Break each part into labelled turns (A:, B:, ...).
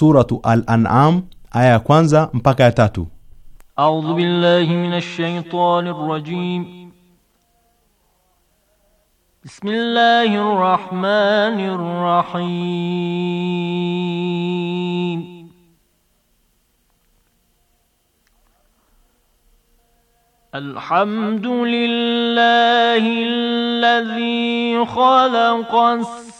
A: suratu Al-An'am aya ya
B: kwanza mpaka ya tatu.
C: A'udhu billahi minash shaitani rrajim. Bismillahir rahmanir rahim. الحمد لله الذي خلق السماوات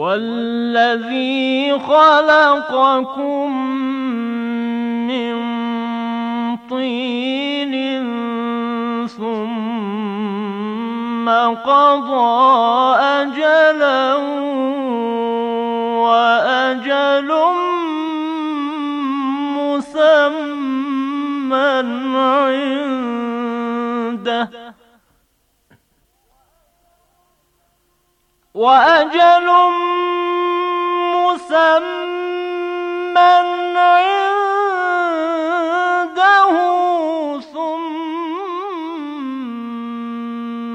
C: والذي خلقكم من طين ثم قضى أجلا وأجل مسمى عنده وأجل مسمى عنده ثم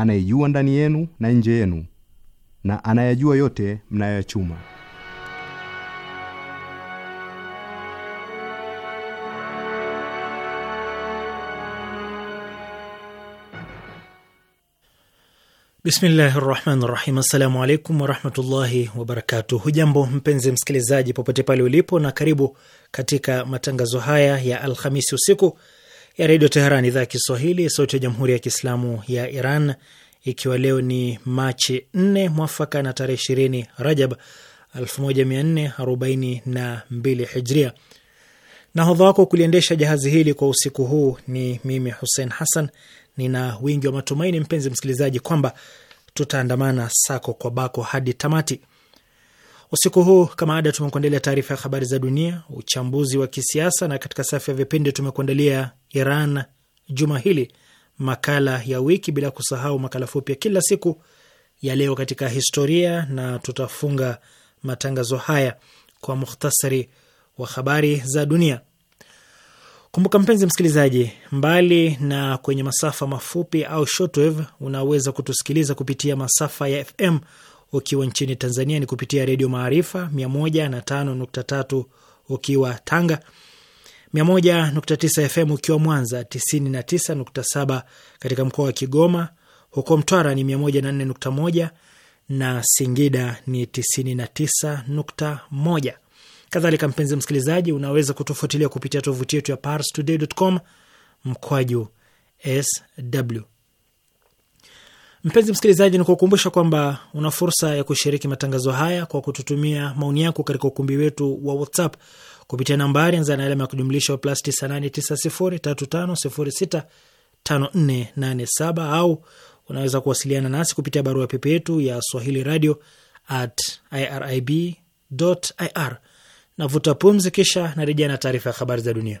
A: anayejua ndani yenu na nje yenu na anayajua yote mnayoyachuma.
D: Bismillahi rahmani rahim. Assalamu alaikum warahmatullahi wabarakatuh. Hujambo mpenzi msikilizaji, popote pale ulipo, na karibu katika matangazo haya ya Alhamisi usiku ya Redio Teheran, idhaa ya Kiswahili, sauti ya Jamhuri ya Kiislamu ya Iran, ikiwa leo ni Machi 4 mwafaka na tarehe 20 Rajab 1442 Hijria. Nahodha wako kuliendesha jahazi hili kwa usiku huu ni mimi Hussein Hassan. Nina wingi wa matumaini, mpenzi msikilizaji, kwamba tutaandamana sako kwa bako hadi tamati. Usiku huu kama ada, tumekuandalia taarifa ya habari za dunia, uchambuzi wa kisiasa, na katika safu ya vipindi tumekuandalia Iran juma hili, makala ya wiki, bila kusahau makala fupi ya kila siku ya leo katika historia, na tutafunga matangazo haya kwa mukhtasari wa habari za dunia. Kumbuka mpenzi msikilizaji, mbali na kwenye masafa mafupi au shortwave, unaweza kutusikiliza kupitia masafa ya FM ukiwa nchini Tanzania ni kupitia Redio Maarifa 105.3 ukiwa Tanga, 101.9 FM ukiwa Mwanza, 99.7 katika mkoa wa Kigoma, huko Mtwara ni 104.1 na Singida ni 99.1. Kadhalika, mpenzi msikilizaji, unaweza kutufuatilia kupitia tovuti yetu ya parstoday.com mkwaju sw Mpenzi msikilizaji, kukumbusha kwamba una fursa ya kushiriki matangazo haya kwa kututumia maoni yako katika ukumbi wetu wa WhatsApp kupitia nambari anza na alama ya kujumlisha wa plus 989035065487 au unaweza kuwasiliana nasi kupitia barua pepe yetu ya swahili radio at irib ir. Navuta pumzi, kisha narejea na taarifa ya habari za dunia.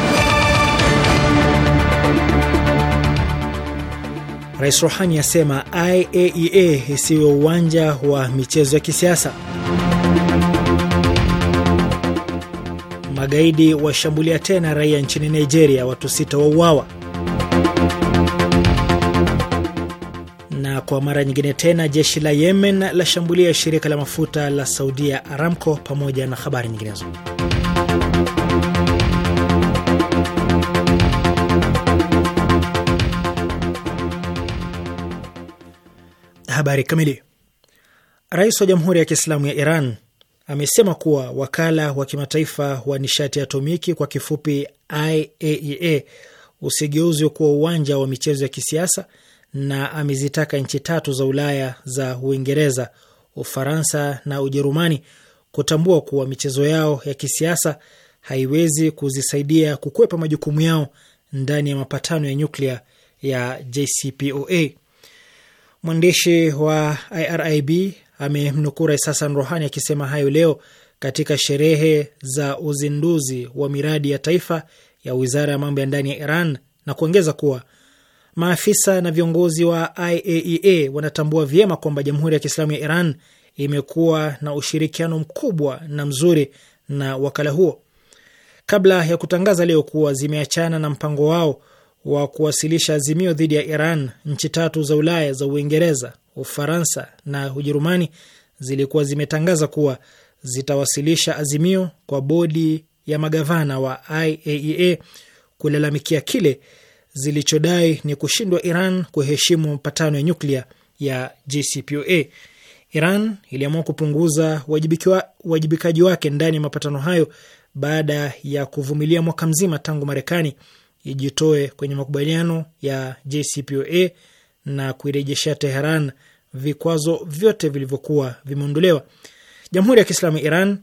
D: Rais Rohani asema IAEA isiwe e uwanja wa michezo ya kisiasa. Magaidi washambulia tena raia nchini Nigeria, watu sita wauawa. Na kwa mara nyingine tena jeshi la Yemen lashambulia shirika la mafuta la Saudia Aramco, pamoja na habari nyinginezo. Habari kamili. Rais wa Jamhuri ya Kiislamu ya Iran amesema kuwa wakala wa kimataifa wa nishati ya atomiki kwa kifupi IAEA usigeuzwe kuwa uwanja wa michezo ya kisiasa, na amezitaka nchi tatu za Ulaya za Uingereza, Ufaransa na Ujerumani kutambua kuwa michezo yao ya kisiasa haiwezi kuzisaidia kukwepa majukumu yao ndani ya mapatano ya nyuklia ya JCPOA. Mwandishi wa IRIB amemnukuu Rais Hassan Rohani akisema hayo leo katika sherehe za uzinduzi wa miradi ya taifa ya wizara ya mambo ya ndani ya Iran na kuongeza kuwa maafisa na viongozi wa IAEA e wanatambua vyema kwamba Jamhuri ya Kiislamu ya Iran imekuwa na ushirikiano mkubwa na mzuri na wakala huo kabla ya kutangaza leo kuwa zimeachana na mpango wao wa kuwasilisha azimio dhidi ya Iran, nchi tatu za Ulaya za Uingereza, Ufaransa na Ujerumani zilikuwa zimetangaza kuwa zitawasilisha azimio kwa bodi ya magavana wa IAEA e kulalamikia kile zilichodai ni kushindwa Iran kuheshimu mapatano ya nyuklia ya JCPOA. Iran iliamua kupunguza uwajibikaji wake ndani ya mapatano hayo baada ya kuvumilia mwaka mzima tangu Marekani ijitoe kwenye makubaliano ya JCPOA na kuirejeshea Teheran vikwazo vyote vilivyokuwa vimeondolewa. Jamhuri ya Kiislamu Iran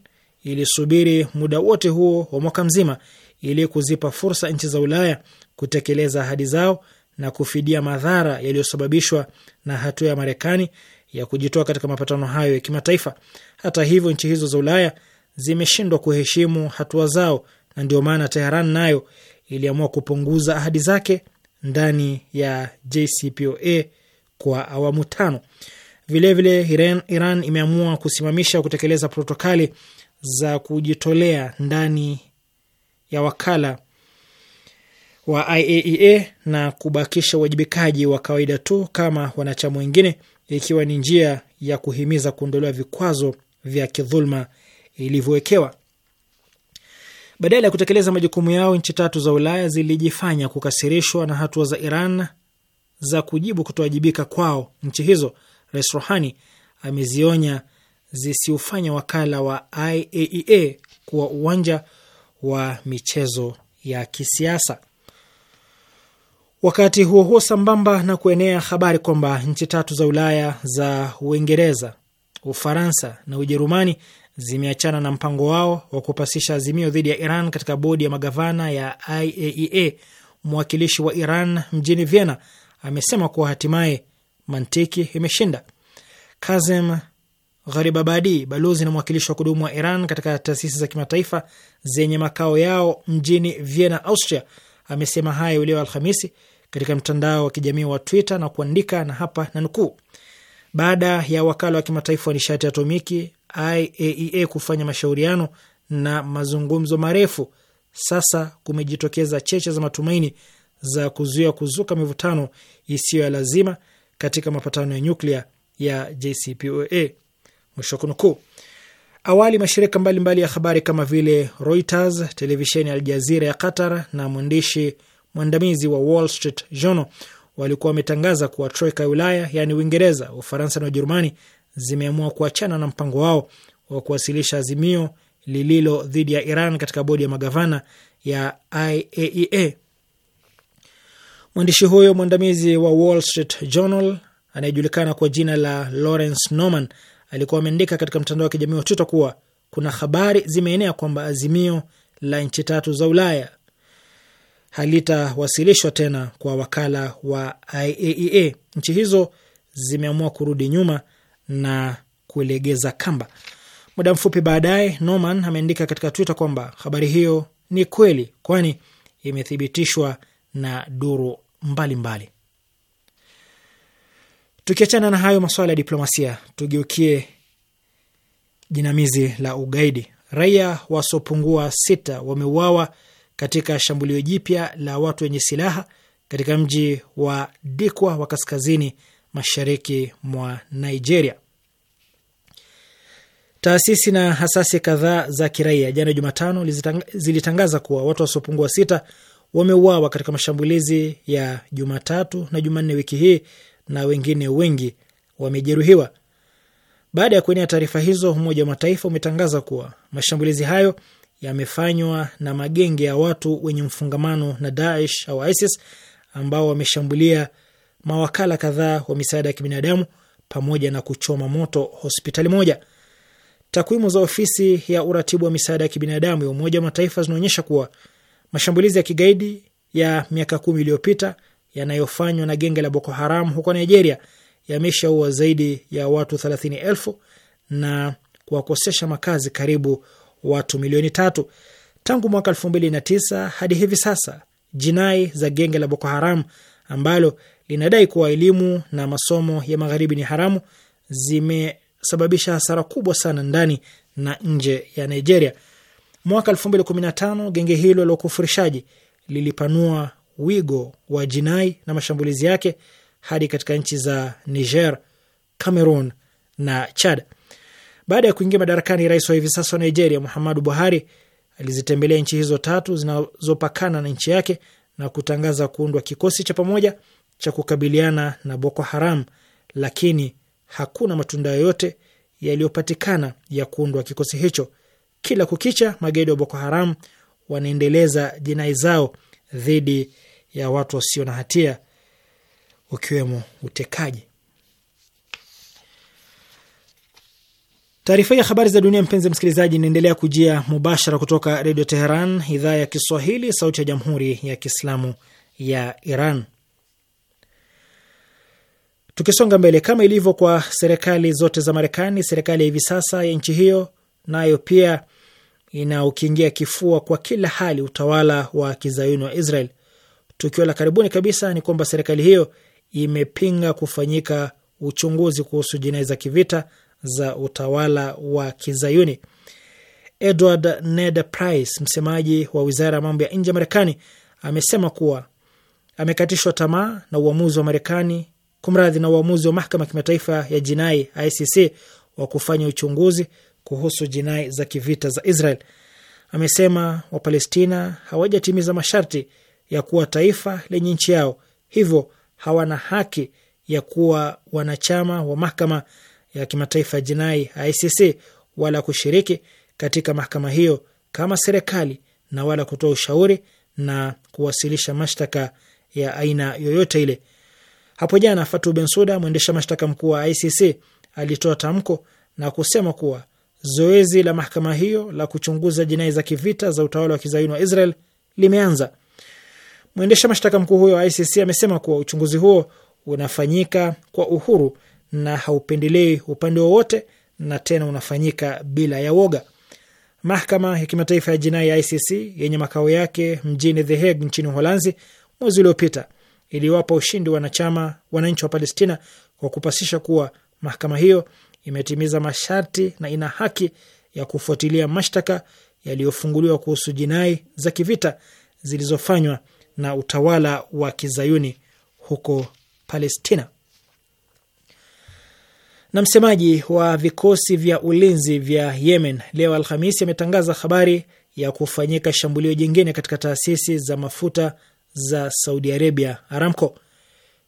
D: ilisubiri muda wote huo wa mwaka mzima ili kuzipa fursa nchi za Ulaya kutekeleza ahadi zao na kufidia madhara yaliyosababishwa na hatua ya Marekani ya kujitoa katika mapatano hayo ya kimataifa. Hata hivyo, nchi hizo za Ulaya zimeshindwa kuheshimu hatua zao, na ndio maana Teheran nayo iliamua kupunguza ahadi zake ndani ya JCPOA kwa awamu tano. Vilevile vile Iran imeamua kusimamisha kutekeleza protokali za kujitolea ndani ya wakala wa IAEA e na kubakisha uwajibikaji wa kawaida tu kama wanachama wengine, ikiwa ni njia ya kuhimiza kuondolewa vikwazo vya kidhulma ilivyowekewa. Badala ya kutekeleza majukumu yao, nchi tatu za Ulaya zilijifanya kukasirishwa na hatua za Iran za kujibu kutowajibika kwao nchi hizo. Rais Rohani amezionya zisiufanya wakala wa IAEA e kuwa uwanja wa michezo ya kisiasa. Wakati huo huo, sambamba na kuenea habari kwamba nchi tatu za Ulaya za Uingereza, Ufaransa na Ujerumani zimeachana na mpango wao wa kupasisha azimio dhidi ya Iran katika bodi ya magavana ya IAEA. E mwakilishi wa Iran mjini Vienna amesema kuwa hatimaye mantiki imeshinda. Kazem Gharibabadi, balozi na mwakilishi wa kudumu wa Iran katika taasisi za kimataifa zenye makao yao mjini Vienna, Austria, amesema hayo leo Alhamisi katika mtandao wa kijamii wa Twitter na kuandika, na hapa na nukuu: baada ya wakala wa kimataifa wa nishati ya atomiki IAEA e kufanya mashauriano na mazungumzo marefu, sasa kumejitokeza cheche za matumaini za kuzuia kuzuka mivutano isiyo ya lazima katika mapatano ya nyuklia ya JCPOA. Mwisho kunukuu. Awali mashirika mbalimbali mbali ya habari kama vile Reuters, televisheni ya Aljazira ya Qatar na mwandishi mwandamizi wa Wall Street Journal walikuwa wametangaza kuwa troika ya Ulaya yaani Uingereza, Ufaransa na Ujerumani zimeamua kuachana na mpango wao wa kuwasilisha azimio lililo dhidi ya Iran katika bodi ya magavana ya IAEA. E Mwandishi huyo mwandamizi wa Wall Street Journal anayejulikana kwa jina la Lawrence Norman alikuwa ameandika katika mtandao wa kijamii wa Twitter kuwa kuna habari zimeenea kwamba azimio la nchi tatu za Ulaya halitawasilishwa tena kwa wakala wa IAEA. E nchi hizo zimeamua kurudi nyuma na kulegeza kamba. Muda mfupi baadaye, Norman ameandika katika Twitter kwamba habari hiyo ni kweli, kwani imethibitishwa na duru mbalimbali. Tukiachana na hayo masuala ya diplomasia, tugeukie jinamizi la ugaidi. Raia wasiopungua sita wameuawa katika shambulio jipya la watu wenye silaha katika mji wa Dikwa wa kaskazini mashariki mwa Nigeria. Taasisi na hasasi kadhaa za kiraia jana Jumatano zilitangaza kuwa watu wasiopungua sita wameuawa katika mashambulizi ya Jumatatu na Jumanne wiki hii na wengine wengi wamejeruhiwa. Baada ya kuenea taarifa hizo, Umoja wa Mataifa umetangaza kuwa mashambulizi hayo yamefanywa na magenge ya watu wenye mfungamano na Daesh au ISIS ambao wameshambulia mawakala kadhaa wa misaada ya kibinadamu pamoja na kuchoma moto hospitali moja. Takwimu za ofisi ya uratibu wa misaada ya kibinadamu ya Umoja wa Mataifa zinaonyesha kuwa mashambulizi ya kigaidi ya miaka kumi iliyopita yanayofanywa na genge la Boko Haram huko Nigeria yameshaua zaidi ya watu thelathini elfu na kuwakosesha makazi karibu watu milioni tatu. Tangu mwaka elfu mbili na tisa hadi hivi sasa jinai za genge la Boko Haram ambalo linadai kuwa elimu na masomo ya magharibi ni haramu, zimesababisha hasara kubwa sana ndani na nje ya Nigeria. Mwaka 2015 genge hilo la ukufurishaji lilipanua wigo wa jinai na mashambulizi yake hadi katika nchi za Niger, Cameroon na Chad. Baada ya kuingia madarakani, rais wa hivi sasa wa Nigeria Muhammadu Buhari alizitembelea nchi hizo tatu zinazopakana na nchi yake na kutangaza kuundwa kikosi cha pamoja cha kukabiliana na Boko Haram, lakini hakuna matunda yoyote yaliyopatikana ya kuundwa kikosi hicho. Kila kukicha, magaidi wa Boko Haram wanaendeleza jinai zao dhidi ya watu wasio na hatia, ukiwemo utekaji. Taarifa ya habari za dunia, mpenzi msikilizaji, inaendelea kujia mubashara kutoka Redio Teheran, idhaa ya Kiswahili, sauti ya Jamhuri ya Kiislamu ya Iran. Tukisonga mbele, kama ilivyo kwa serikali zote za Marekani, serikali ya hivi sasa ya nchi hiyo nayo pia inaukingia kifua kwa kila hali utawala wa kizayuni wa Israel. Tukio la karibuni kabisa ni kwamba serikali hiyo imepinga kufanyika uchunguzi kuhusu jinai za kivita za utawala wa kizayuni. Edward Ned Price, msemaji wa wizara ya mambo ya nje ya Marekani, amesema kuwa amekatishwa tamaa na uamuzi wa Marekani kumradhi, na uamuzi wa mahakama ya kimataifa ya jinai ICC wa kufanya uchunguzi kuhusu jinai za kivita za Israel. Amesema Wapalestina hawajatimiza masharti ya kuwa taifa lenye nchi yao, hivyo hawana haki ya kuwa wanachama wa mahakama ya kimataifa ya jinai ICC wala kushiriki katika mahakama hiyo kama serikali na wala kutoa ushauri na kuwasilisha mashtaka ya aina yoyote ile. Hapo jana Fatu Bensuda, mwendesha mashtaka mkuu wa ICC, alitoa tamko na kusema kuwa zoezi la mahakama hiyo la kuchunguza jinai za kivita za utawala wa kizayuni wa Israel limeanza. Mwendesha mashtaka mkuu huyo wa ICC amesema kuwa uchunguzi huo unafanyika kwa uhuru na haupendelei upande wowote, na tena unafanyika bila ya woga. Mahakama ya kimataifa ya jinai ya ICC yenye makao yake mjini The Hague nchini Uholanzi mwezi uliopita iliwapa ushindi wanachama wananchi wa Palestina kwa kupasisha kuwa mahakama hiyo imetimiza masharti na ina haki ya kufuatilia mashtaka yaliyofunguliwa kuhusu jinai za kivita zilizofanywa na utawala wa kizayuni huko Palestina. Na msemaji wa vikosi vya ulinzi vya Yemen leo Alhamisi ametangaza habari ya kufanyika shambulio jingine katika taasisi za mafuta za Saudi Arabia, Aramco.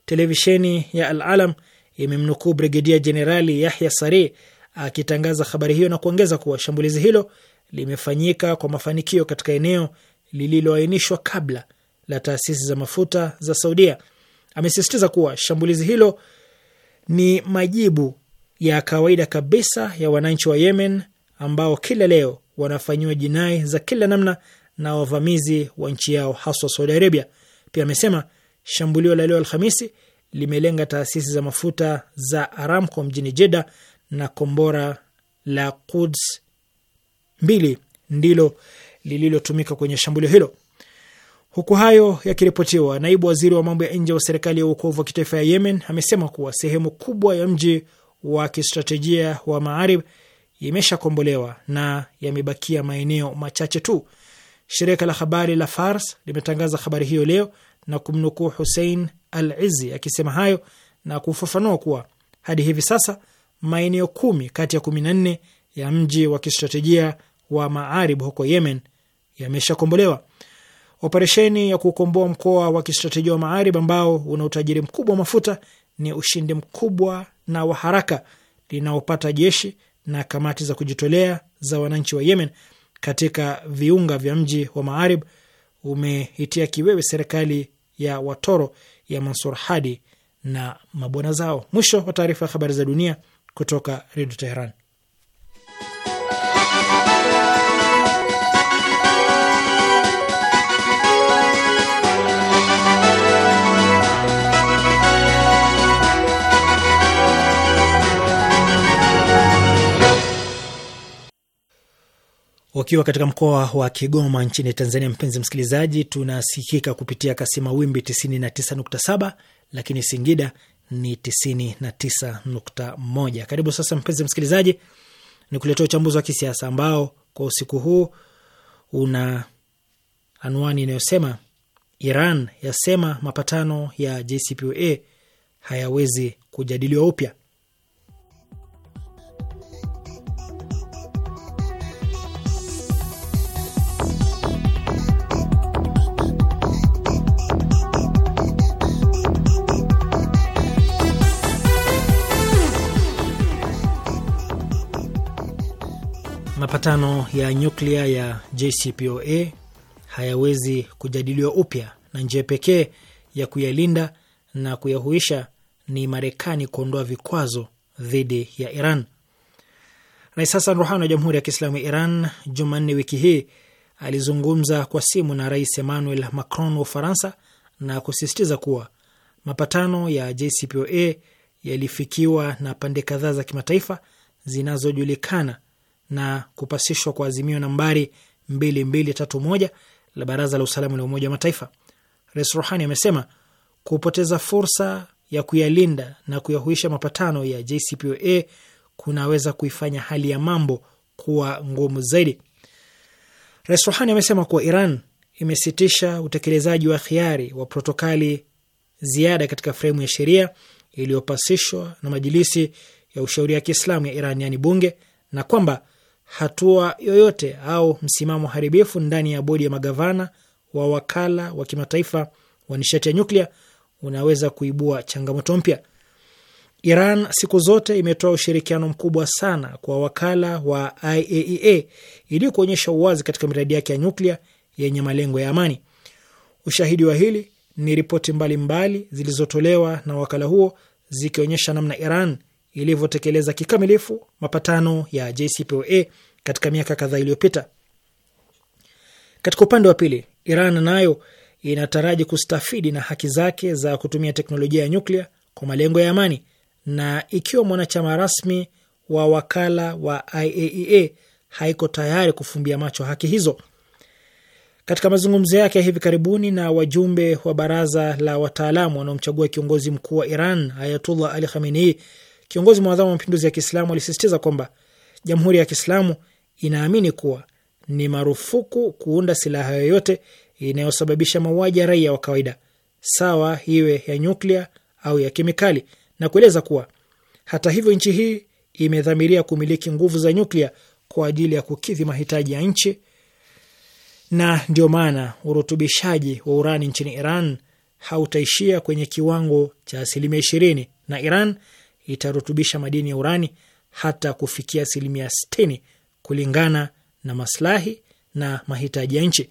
D: Televisheni ya Al Alam imemnukuu Brigedia Jenerali Yahya Sari akitangaza habari hiyo na kuongeza kuwa shambulizi hilo limefanyika kwa mafanikio katika eneo lililoainishwa kabla la taasisi za mafuta za Saudia. Amesisitiza kuwa shambulizi hilo ni majibu ya kawaida kabisa ya wananchi wa Yemen ambao kila leo wanafanyiwa jinai za kila namna na wavamizi wa nchi yao haswa Saudi Arabia. Pia amesema shambulio la leo Alhamisi limelenga taasisi za mafuta za Aramco mjini Jeddah na kombora la Quds mbili ndilo lililotumika kwenye shambulio hilo. Huku hayo yakiripotiwa, naibu waziri wa mambo ya nje wa serikali ya uokovu wa kitaifa ya Yemen amesema kuwa sehemu kubwa ya mji wa kistratejia wa Maarib imeshakombolewa na yamebakia maeneo machache tu. Shirika la habari la Fars limetangaza habari hiyo leo na kumnukuu Hussein al izi akisema hayo na kufafanua kuwa hadi hivi sasa maeneo kumi kati ya kumi na nne ya mji wa kistratejia wa Maarib huko Yemen yameshakombolewa. Operesheni ya kukomboa mkoa wa kistratejia wa Maarib ambao una utajiri mkubwa wa mafuta ni ushindi mkubwa na wa haraka linaopata jeshi na kamati za kujitolea za wananchi wa Yemen katika viunga vya mji wa Maarib umeitia kiwewe serikali ya watoro ya Mansur Hadi na mabwana zao. Mwisho wa taarifa ya habari za dunia kutoka Redio Teheran. wakiwa katika mkoa wa Kigoma nchini Tanzania, mpenzi msikilizaji, tunasikika kupitia kasima wimbi 99.7, lakini Singida ni 99.1. Karibu sasa, mpenzi msikilizaji, ni kuletea uchambuzi wa kisiasa ambao kwa usiku huu una anwani inayosema Iran yasema mapatano ya JCPOA hayawezi kujadiliwa upya. mapatano ya nyuklia ya JCPOA hayawezi kujadiliwa upya na njia pekee ya kuyalinda na kuyahuisha ni Marekani kuondoa vikwazo dhidi ya Iran. Rais Hassan Ruhani wa Jamhuri ya Kiislamu ya Iran Jumanne wiki hii alizungumza kwa simu na Rais Emmanuel Macron wa Ufaransa na kusisitiza kuwa mapatano ya JCPOA yalifikiwa na pande kadhaa za kimataifa zinazojulikana na kupasishwa kwa azimio nambari 2231 la Baraza la Usalama la Umoja wa Mataifa. Rais Rohani amesema kupoteza fursa ya kuyalinda na kuyahuisha mapatano ya JCPOA kunaweza kuifanya hali ya mambo kuwa ngumu zaidi. Rais Rohani amesema kuwa Iran imesitisha utekelezaji wa khiari wa protokali ziada katika fremu ya sheria iliyopasishwa na Majilisi ya Ushauri ya Kiislamu ya Iran, yaani bunge, na kwamba hatua yoyote au msimamo haribifu ndani ya bodi ya magavana wa wakala wa kimataifa wa nishati ya nyuklia unaweza kuibua changamoto mpya. Iran siku zote imetoa ushirikiano mkubwa sana kwa wakala wa IAEA e ili kuonyesha uwazi katika miradi yake ya nyuklia yenye malengo ya amani. Ushahidi wa hili ni ripoti mbalimbali zilizotolewa na wakala huo zikionyesha namna Iran ilivyotekeleza kikamilifu mapatano ya JCPOA katika miaka kadhaa iliyopita. Katika upande wa pili, Iran nayo inataraji kustafidi na haki zake za kutumia teknolojia ya nyuklia kwa malengo ya amani, na ikiwa mwanachama rasmi wa wakala wa IAEA e haiko tayari kufumbia macho haki hizo. Katika mazungumzo yake ya hivi karibuni na wajumbe wa baraza la wataalamu wanaomchagua kiongozi mkuu wa Iran Ayatullah Ali Khamenei, Kiongozi mwadhamu wa mapinduzi ya Kiislamu alisisitiza kwamba Jamhuri ya Kiislamu inaamini kuwa ni marufuku kuunda silaha yoyote inayosababisha mauaji ya raia wa kawaida, sawa iwe ya nyuklia au ya kemikali, na kueleza kuwa hata hivyo, nchi hii imedhamiria kumiliki nguvu za nyuklia kwa ajili ya kukidhi mahitaji ya nchi, na ndio maana urutubishaji wa urani nchini Iran hautaishia kwenye kiwango cha asilimia ishirini na Iran itarutubisha madini ya urani hata kufikia asilimia sitini kulingana na maslahi na mahitaji ya nchi.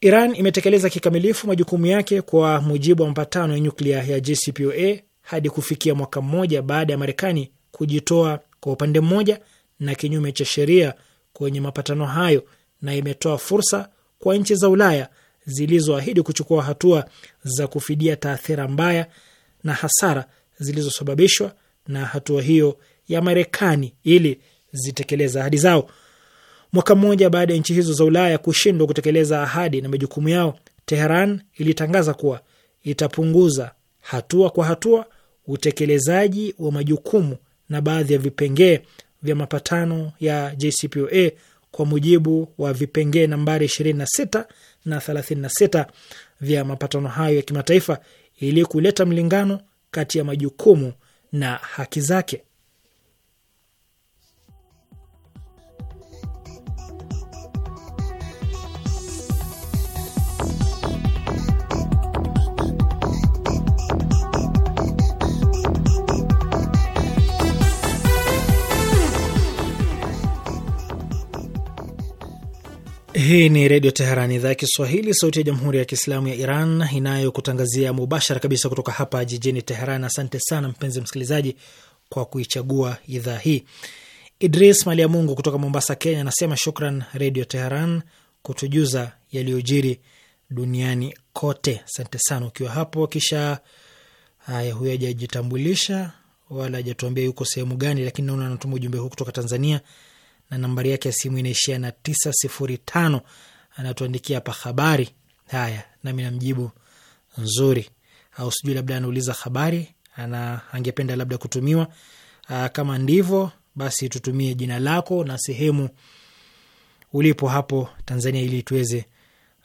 D: Iran imetekeleza kikamilifu majukumu yake kwa mujibu wa mapatano ya nyuklia ya JCPOA hadi kufikia mwaka mmoja baada ya Marekani kujitoa kwa upande mmoja na kinyume cha sheria kwenye mapatano hayo, na imetoa fursa kwa nchi za Ulaya zilizoahidi kuchukua hatua za kufidia taathira mbaya na hasara zilizosababishwa na hatua hiyo ya Marekani ili zitekeleza ahadi zao. Mwaka mmoja baada ya nchi hizo za Ulaya kushindwa kutekeleza ahadi na majukumu yao, Teheran ilitangaza kuwa itapunguza hatua kwa hatua utekelezaji wa majukumu na baadhi ya vipengee vya mapatano ya JCPOA kwa mujibu wa vipengee nambari 26 na 36 vya mapatano hayo ya kimataifa ili kuleta mlingano kati ya majukumu na haki zake. Hii ni Redio Teherani, idhaa ya Kiswahili, sauti ya Jamhuri ya Kiislamu ya Iran inayokutangazia mubashara kabisa kutoka hapa jijini Teheran. Asante sana mpenzi msikilizaji kwa kuichagua idhaa hii. Idris Mali ya Mungu kutoka Mombasa, Kenya anasema shukran Redio Teheran kutujuza yaliyojiri duniani kote. Asante sana ukiwa hapo. Kisha haya, huyo hajajitambulisha wala hajatuambia yuko sehemu gani, lakini naona anatuma ujumbe huu kutoka Tanzania na nambari yake ya simu inaishia na tisa sifuri tano. Anatuandikia hapa habari haya, nami namjibu nzuri, au sijui labda anauliza habari ana angependa labda kutumiwa. Aa, kama ndivyo basi tutumie jina lako na sehemu ulipo hapo Tanzania ili tuweze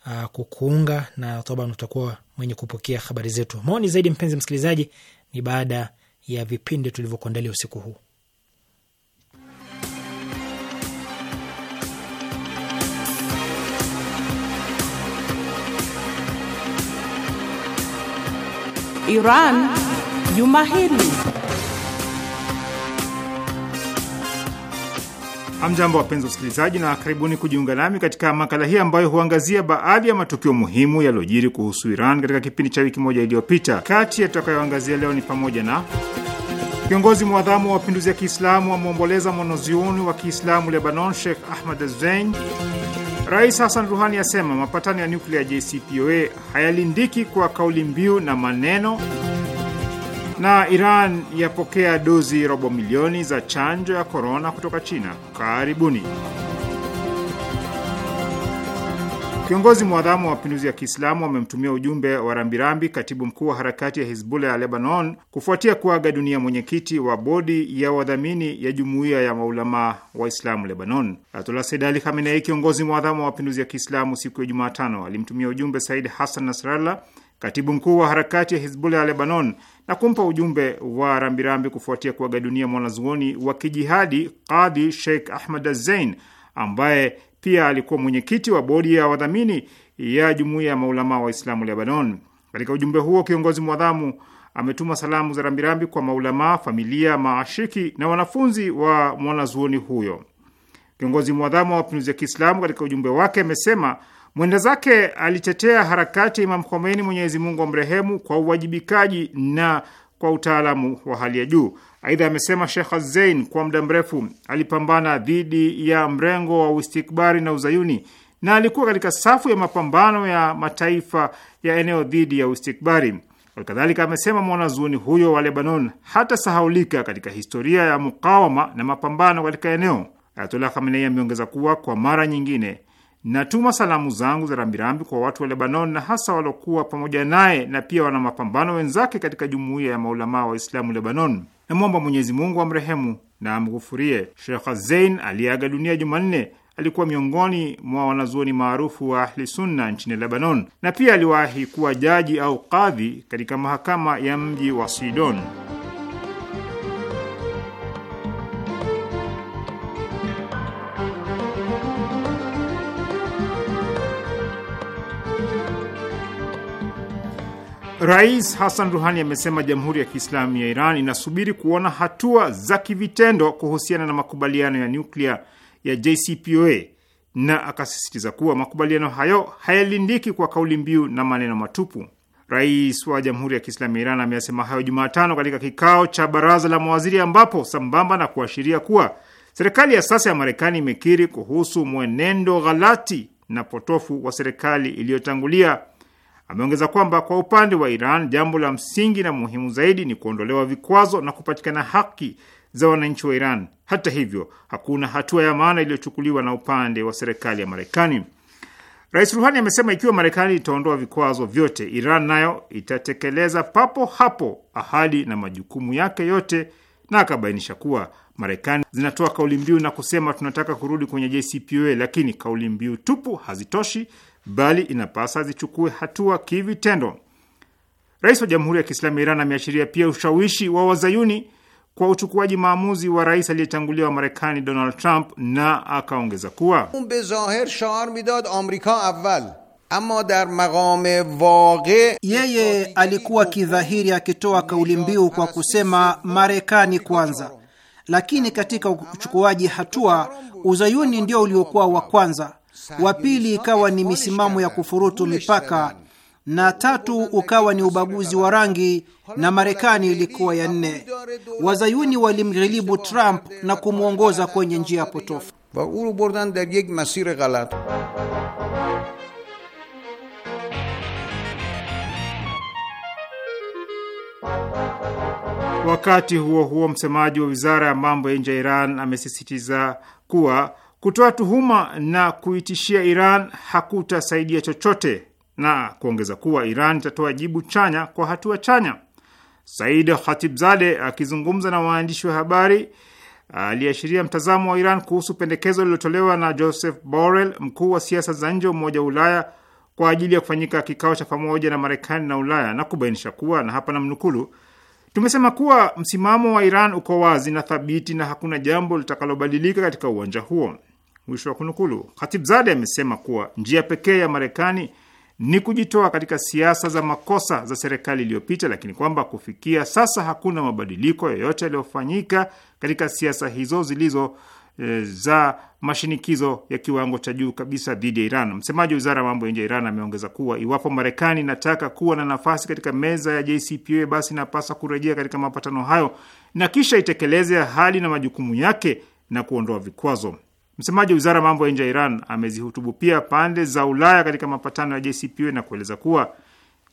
D: uh, kukuunga na toba, utakuwa mwenye kupokea habari zetu. Maoni zaidi, mpenzi msikilizaji, ni baada ya vipindi tulivyokuandalia usiku huu.
A: Iran juma hili.
B: Amjambo, wapenzi wasikilizaji, na karibuni kujiunga nami katika makala hii ambayo huangazia baadhi ya matukio muhimu yaliyojiri kuhusu Iran katika kipindi cha wiki moja iliyopita. Kati ya tutakayoangazia leo ni pamoja na Kiongozi mwadhamu wa mapinduzi ya Kiislamu ameomboleza mwanazuoni wa Kiislamu Lebanon, Sheikh Ahmad Zein. Rais Hassan Ruhani asema mapatano ya nyuklia JCPOA hayalindiki kwa kauli mbiu na maneno, na Iran yapokea dozi robo milioni za chanjo ya korona kutoka China. Karibuni. Kiongozi mwadhamu wa mapinduzi ya Kiislamu amemtumia ujumbe wa rambirambi katibu mkuu wa harakati ya Hizbullah ya Lebanon kufuatia kuaga dunia mwenyekiti wa bodi ya wadhamini ya jumuiya ya maulamaa waislamu Lebanon. Ayatullah Said Ali Khamenei, kiongozi mwadhamu wa mapinduzi ya Kiislamu, siku ya Jumatano alimtumia ujumbe Said Hassan Nasrallah, katibu mkuu wa harakati ya Hizbullah ya Lebanon, na kumpa ujumbe wa rambirambi kufuatia kuaga dunia mwanazuoni wa kijihadi Qadhi Sheikh Ahmad Azein ambaye pia alikuwa mwenyekiti wa bodi ya wadhamini ya jumuiya ya maulamaa waislamu Lebanon. Katika ujumbe huo, kiongozi mwadhamu ametuma salamu za rambirambi kwa maulamaa, familia, maashiki na wanafunzi wa mwanazuoni huyo. Kiongozi mwadhamu wa mapinduzi ya Kiislamu katika ujumbe wake amesema mwenda zake alitetea harakati ya Imam Khomeini, Mwenyezi Mungu amrehemu, kwa uwajibikaji na kwa utaalamu wa hali ya juu. Aidha amesema Shekh Azein kwa muda mrefu alipambana dhidi ya mrengo wa uistikbari na uzayuni na alikuwa katika safu ya mapambano ya mataifa ya eneo dhidi ya uistikbari. Alkadhalika amesema mwanazuoni huyo wa Lebanon hata sahaulika katika historia ya mukawama na mapambano katika eneo. Ayatollah Khamenei ameongeza kuwa kwa mara nyingine Natuma salamu zangu za rambirambi kwa watu wa Lebanon na hasa waliokuwa pamoja naye na pia wana mapambano wenzake katika jumuiya ya maulamaa Waislamu Lebanon. Namwomba Mwenyezi Mungu amrehemu na amghufurie. Shekh Zein aliyeaga dunia Jumanne alikuwa miongoni mwa wanazuoni maarufu wa Ahli Sunna nchini Lebanon, na pia aliwahi kuwa jaji au kadhi katika mahakama ya mji wa Sidon. Rais Hassan Ruhani amesema Jamhuri ya Kiislamu ya Iran inasubiri kuona hatua za kivitendo kuhusiana na makubaliano ya nyuklia ya JCPOA na akasisitiza kuwa makubaliano hayo hayalindiki kwa kauli mbiu na maneno matupu. Rais wa Jamhuri ya Kiislamu ya Iran ameyasema hayo Jumatano katika kikao cha baraza la mawaziri, ambapo sambamba na kuashiria kuwa serikali ya sasa ya Marekani imekiri kuhusu mwenendo ghalati na potofu wa serikali iliyotangulia Ameongeza kwamba kwa upande wa Iran, jambo la msingi na muhimu zaidi ni kuondolewa vikwazo na kupatikana haki za wananchi wa Iran. Hata hivyo, hakuna hatua ya maana iliyochukuliwa na upande wa serikali ya Marekani. Rais Ruhani amesema ikiwa Marekani itaondoa vikwazo vyote, Iran nayo itatekeleza papo hapo ahadi na majukumu yake yote, na akabainisha kuwa Marekani zinatoa kauli mbiu na kusema tunataka kurudi kwenye JCPOA, lakini kauli mbiu tupu hazitoshi bali inapasa zichukue hatua kivitendo. Rais wa Jamhuri ya Kiislamu ya Iran ameashiria pia ushawishi wa wazayuni kwa uchukuaji maamuzi wa rais aliyetangulia wa Marekani Donald Trump, na akaongeza kuwa
E: be zahir midad amrika awal ama dar
A: maqame yeye alikuwa kidhahiri akitoa kauli mbiu kwa kusema Marekani kwanza, lakini katika uchukuaji hatua uzayuni ndio uliokuwa wa kwanza wa pili ikawa ni misimamo ya kufurutu mipaka, na tatu ukawa ni ubaguzi wa rangi, na Marekani ilikuwa ya nne. Wazayuni walimghilibu Trump na kumwongoza kwenye njia potofu.
B: Wakati huo huo, msemaji wa wizara ya mambo ya nje ya Iran amesisitiza kuwa Kutoa tuhuma na kuitishia Iran hakutasaidia chochote, na kuongeza kuwa Iran itatoa jibu chanya kwa hatua chanya. Said Khatibzadeh akizungumza na waandishi wa habari aliashiria mtazamo wa Iran kuhusu pendekezo lililotolewa na Joseph Borrell, mkuu wa siasa za nje wa Umoja wa Ulaya, kwa ajili ya kufanyika kikao cha pamoja na Marekani na Ulaya na kubainisha kuwa, na hapa namnukulu, tumesema kuwa msimamo wa Iran uko wazi na thabiti na hakuna jambo litakalobadilika katika uwanja huo. Mwisho wa kunukulu. Khatibzade amesema kuwa njia pekee ya Marekani ni kujitoa katika siasa za makosa za serikali iliyopita, lakini kwamba kufikia sasa hakuna mabadiliko yoyote yaliyofanyika katika siasa hizo zilizo e, za mashinikizo ya kiwango cha juu kabisa dhidi ya Iran. Msemaji wa wizara ya mambo ya nje ya Iran ameongeza kuwa iwapo Marekani inataka kuwa na nafasi katika meza ya JCPOA, basi inapaswa kurejea katika mapatano hayo na kisha itekeleze ahadi na majukumu yake na kuondoa vikwazo. Msemaji wa wizara ya mambo ya nje ya Iran amezihutubu pia pande za Ulaya katika mapatano ya JCPOA na kueleza kuwa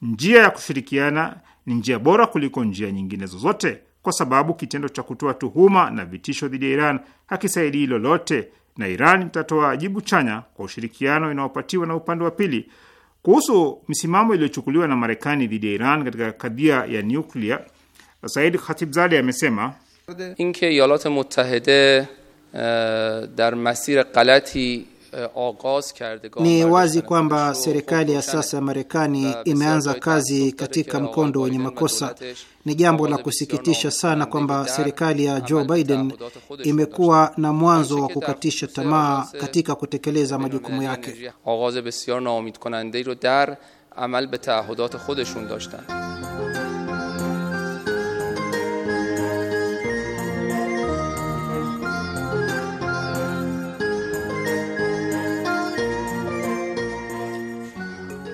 B: njia ya kushirikiana ni njia bora kuliko njia nyingine zozote, kwa sababu kitendo cha kutoa tuhuma na vitisho dhidi ya Iran hakisaidii lolote na Iran itatoa jibu chanya kwa ushirikiano inaopatiwa na upande wa pili. Kuhusu misimamo iliyochukuliwa na Marekani dhidi ya Iran katika kadhia ya nyuklia, Said Khatibzadeh amesema
F: در مسیر غلطی ni wazi
A: kwamba serikali ya sasa ya Marekani imeanza kazi katika mkondo wenye makosa. Ni jambo la kusikitisha sana kwamba serikali ya Joe Biden imekuwa na mwanzo wa kukatisha tamaa katika kutekeleza majukumu yake.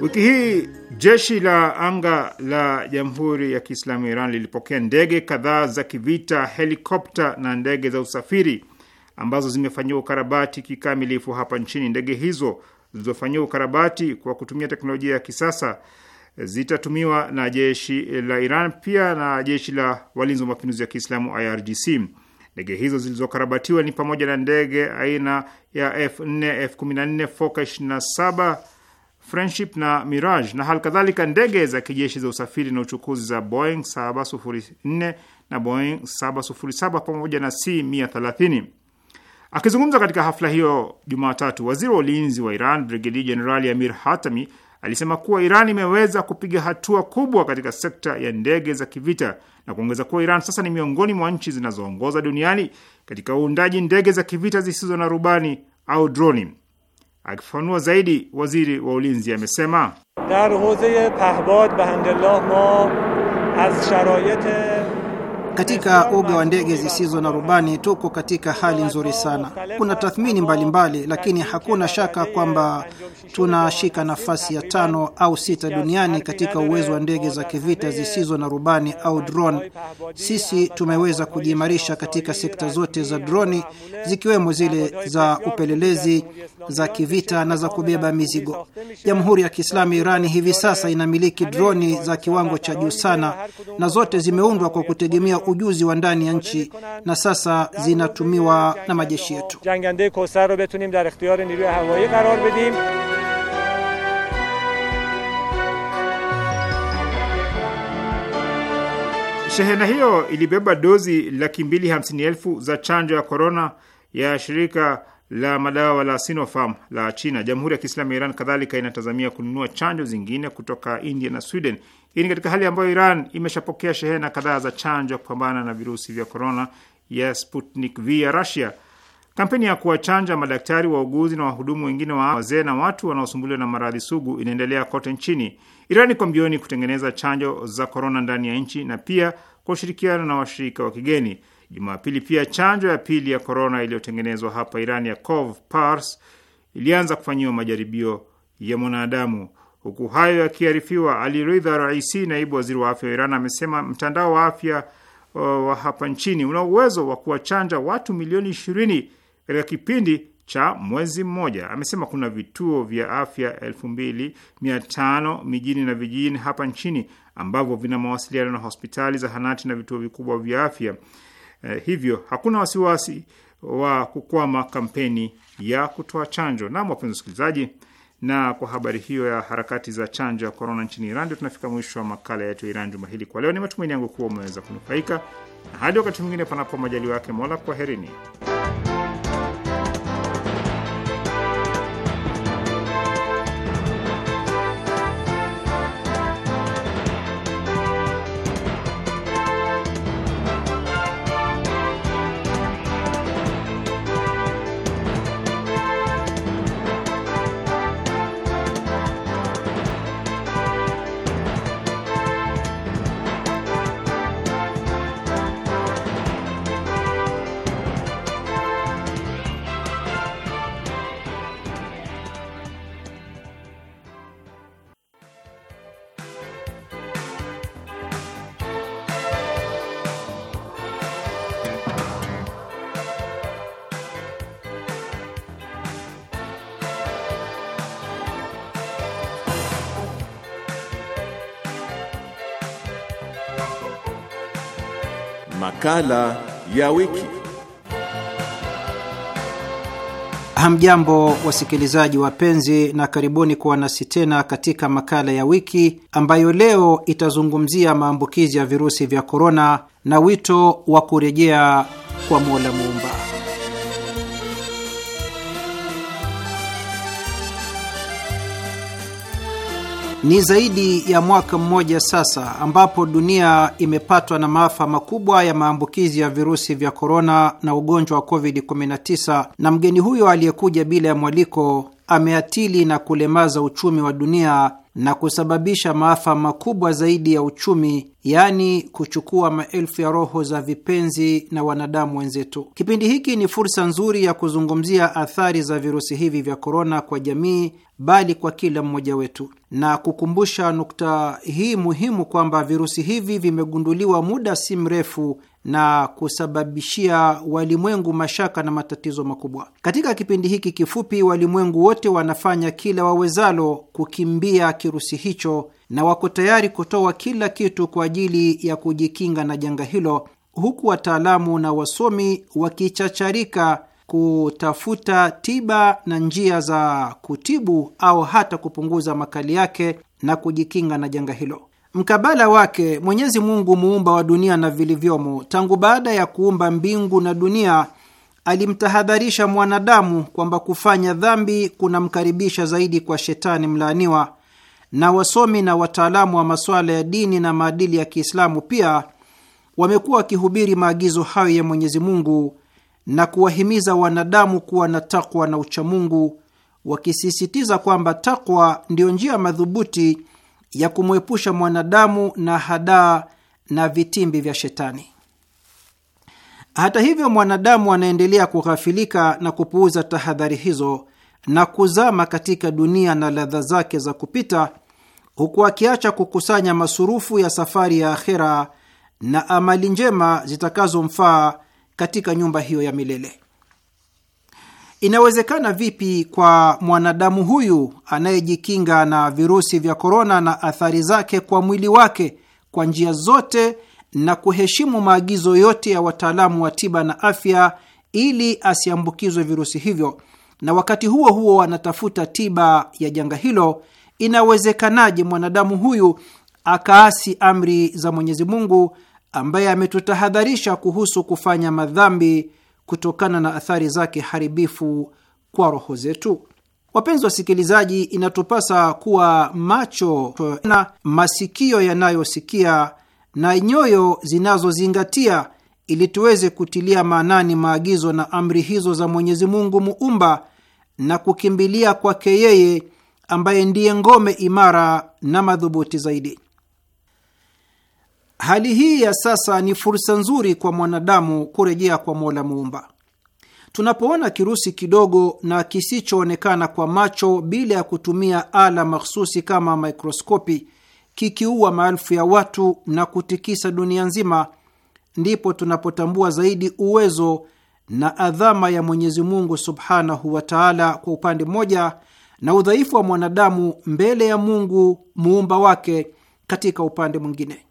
B: Wiki hii jeshi la anga la Jamhuri ya Kiislamu ya Iran lilipokea ndege kadhaa za kivita, helikopta na ndege za usafiri ambazo zimefanyiwa ukarabati kikamilifu hapa nchini. Ndege hizo zilizofanyiwa ukarabati kwa kutumia teknolojia ya kisasa zitatumiwa na jeshi la Iran pia na jeshi la walinzi wa mapinduzi ya Kiislamu IRGC. Ndege hizo zilizokarabatiwa ni pamoja na ndege aina ya F4, F14, Foka 27 Friendship na Mirage na hali kadhalika ndege za kijeshi za usafiri na uchukuzi za Boeing 704 na Boeing 707 pamoja na C130. Akizungumza katika hafla hiyo Jumatatu, waziri wa ulinzi wa Iran Brigadier Jenerali Amir Hatami alisema kuwa Iran imeweza kupiga hatua kubwa katika sekta ya ndege za kivita na kuongeza kuwa Iran sasa ni miongoni mwa nchi zinazoongoza duniani katika uundaji ndege za kivita zisizo na rubani au droni. اگفانو زیدی وزیری و اولینزی در
A: حوزه پهباد به همدلله ما از شرایط Katika uga wa ndege zisizo na rubani tuko katika hali nzuri sana. Kuna tathmini mbalimbali mbali, lakini hakuna shaka kwamba tunashika nafasi ya tano au sita duniani katika uwezo wa ndege za kivita zisizo na rubani au drone. Sisi tumeweza kujiimarisha katika sekta zote za droni zikiwemo zile za upelelezi, za kivita na za kubeba mizigo. Jamhuri ya Kiislamu Irani hivi sasa inamiliki droni za kiwango cha juu sana na zote zimeundwa kwa kutegemea ujuzi wa ndani ya nchi na sasa zinatumiwa na majeshi yetu.
B: Shehena hiyo ilibeba dozi laki mbili hamsini elfu za chanjo ya korona ya shirika la madawa la Sinopharm la China. Jamhuri ya Kiislamu ya Iran kadhalika inatazamia kununua chanjo zingine kutoka India na Sweden hii ni katika hali ambayo Iran imeshapokea shehena kadhaa za chanjo ya kupambana na virusi vya korona ya Sputnik V ya Rusia. Kampeni ya kuwachanja madaktari, wauguzi na wahudumu wengine wa wazee na watu wanaosumbuliwa na maradhi sugu inaendelea kote nchini. iran kwa mbioni kutengeneza chanjo za korona ndani ya nchi na pia kwa ushirikiano na washirika wa kigeni. Jumapili pia chanjo ya pili ya korona iliyotengenezwa hapa Iran ya Cov Pars ilianza kufanyiwa majaribio ya mwanadamu. Huku hayo yakiarifiwa, Ali Ridha Raisi, naibu waziri wa afya wa Iran, amesema mtandao wa afya uh, wa hapa nchini una uwezo wa kuwachanja watu milioni ishirini katika kipindi cha mwezi mmoja. Amesema kuna vituo vya afya elfu mbili mia tano mijini na vijijini hapa nchini ambavyo vina mawasiliano na hospitali, zahanati na vituo vikubwa vya afya. Eh, hivyo hakuna wasiwasi wa kukwama kampeni ya kutoa chanjo. Nam, wapenzi wasikilizaji na kwa habari hiyo ya harakati za chanjo ya korona nchini Iran, ndio tunafika mwisho wa makala yetu ya Iran juma hili kwa leo. Ni matumaini yangu kuwa umeweza kunufaika, na hadi wakati mwingine, panapo majaliwa yake Mola, kwaherini.
A: Makala ya wiki. Hamjambo wasikilizaji wapenzi, na karibuni kuwa nasi tena katika makala ya wiki ambayo leo itazungumzia maambukizi ya virusi vya korona na wito wa kurejea kwa Mola Muumba. Ni zaidi ya mwaka mmoja sasa ambapo dunia imepatwa na maafa makubwa ya maambukizi ya virusi vya korona na ugonjwa wa COVID-19, na mgeni huyo aliyekuja bila ya mwaliko ameatili na kulemaza uchumi wa dunia na kusababisha maafa makubwa zaidi ya uchumi, yaani kuchukua maelfu ya roho za vipenzi na wanadamu wenzetu. Kipindi hiki ni fursa nzuri ya kuzungumzia athari za virusi hivi vya korona kwa jamii, bali kwa kila mmoja wetu na kukumbusha nukta hii muhimu kwamba virusi hivi vimegunduliwa muda si mrefu na kusababishia walimwengu mashaka na matatizo makubwa. Katika kipindi hiki kifupi, walimwengu wote wanafanya kila wawezalo kukimbia kirusi hicho na wako tayari kutoa kila kitu kwa ajili ya kujikinga na janga hilo, huku wataalamu na wasomi wakichacharika kutafuta tiba na njia za kutibu au hata kupunguza makali yake na kujikinga na janga hilo. Mkabala wake, Mwenyezi Mungu muumba wa dunia na vilivyomo, tangu baada ya kuumba mbingu na dunia, alimtahadharisha mwanadamu kwamba kufanya dhambi kunamkaribisha zaidi kwa shetani mlaaniwa, na wasomi na wataalamu wa masuala ya dini na maadili ya Kiislamu pia wamekuwa wakihubiri maagizo hayo ya Mwenyezi Mungu na kuwahimiza wanadamu kuwa na takwa na uchamungu, wakisisitiza kwamba takwa ndiyo njia madhubuti ya kumwepusha mwanadamu na hadaa na vitimbi vya Shetani. Hata hivyo, mwanadamu anaendelea kughafilika na kupuuza tahadhari hizo na kuzama katika dunia na ladha zake za kupita, huku akiacha kukusanya masurufu ya safari ya akhera na amali njema zitakazomfaa katika nyumba hiyo ya milele. Inawezekana vipi kwa mwanadamu huyu anayejikinga na virusi vya korona na athari zake kwa mwili wake kwa njia zote na kuheshimu maagizo yote ya wataalamu wa tiba na afya ili asiambukizwe virusi hivyo, na wakati huo huo anatafuta tiba ya janga hilo? Inawezekanaje mwanadamu huyu akaasi amri za Mwenyezi Mungu ambaye ametutahadharisha kuhusu kufanya madhambi kutokana na athari zake haribifu kwa roho zetu. Wapenzi wasikilizaji, inatupasa kuwa macho na masikio yanayosikia na nyoyo zinazozingatia ili tuweze kutilia maanani maagizo na amri hizo za Mwenyezi Mungu muumba na kukimbilia kwake yeye ambaye ndiye ngome imara na madhubuti zaidi. Hali hii ya sasa ni fursa nzuri kwa mwanadamu kurejea kwa Mola Muumba. Tunapoona kirusi kidogo na kisichoonekana kwa macho bila ya kutumia ala mahsusi kama mikroskopi kikiua maelfu ya watu na kutikisa dunia nzima, ndipo tunapotambua zaidi uwezo na adhama ya Mwenyezi Mungu subhanahu wa taala kwa upande mmoja, na udhaifu wa mwanadamu mbele ya Mungu muumba wake katika upande mwingine.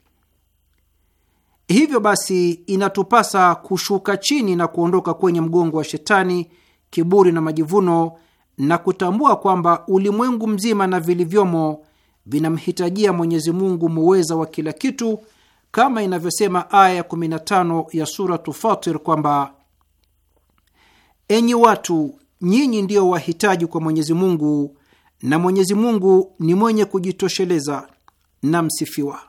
A: Hivyo basi inatupasa kushuka chini na kuondoka kwenye mgongo wa shetani, kiburi na majivuno, na kutambua kwamba ulimwengu mzima na vilivyomo vinamhitajia Mwenyezi Mungu muweza wa kila kitu, kama inavyosema aya ya 15 ya Suratu Fatir kwamba enyi watu, nyinyi ndiyo wahitaji kwa Mwenyezi Mungu na Mwenyezi Mungu ni mwenye kujitosheleza na msifiwa.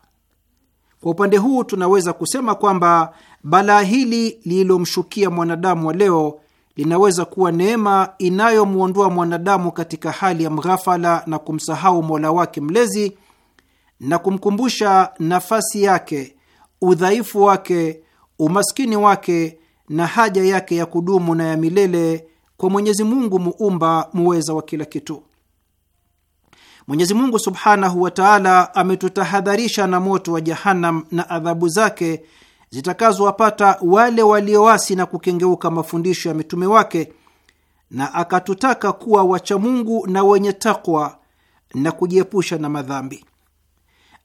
A: Kwa upande huu tunaweza kusema kwamba balaa hili lililomshukia mwanadamu wa leo linaweza kuwa neema inayomwondoa mwanadamu katika hali ya mghafala na kumsahau Mola wake mlezi na kumkumbusha nafasi yake, udhaifu wake, umaskini wake na haja yake ya kudumu na ya milele kwa Mwenyezi Mungu muumba muweza wa kila kitu. Mwenyezi Mungu subhanahu wa taala ametutahadharisha na moto wa Jahannam na adhabu zake zitakazowapata wale walioasi na kukengeuka mafundisho ya mitume wake, na akatutaka kuwa wachamungu na wenye takwa na kujiepusha na madhambi.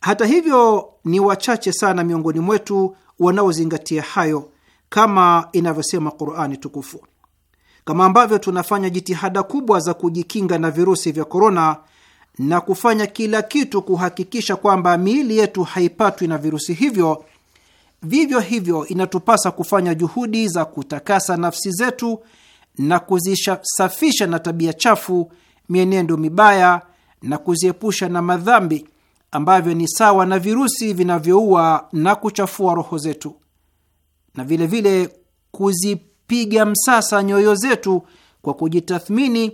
A: Hata hivyo, ni wachache sana miongoni mwetu wanaozingatia hayo, kama inavyosema Qurani Tukufu. Kama ambavyo tunafanya jitihada kubwa za kujikinga na virusi vya korona na kufanya kila kitu kuhakikisha kwamba miili yetu haipatwi na virusi hivyo, vivyo hivyo inatupasa kufanya juhudi za kutakasa nafsi zetu na kuzisafisha na tabia chafu, mienendo mibaya na kuziepusha na madhambi ambavyo ni sawa na virusi vinavyoua na kuchafua roho zetu, na vilevile kuzipiga msasa nyoyo zetu kwa kujitathmini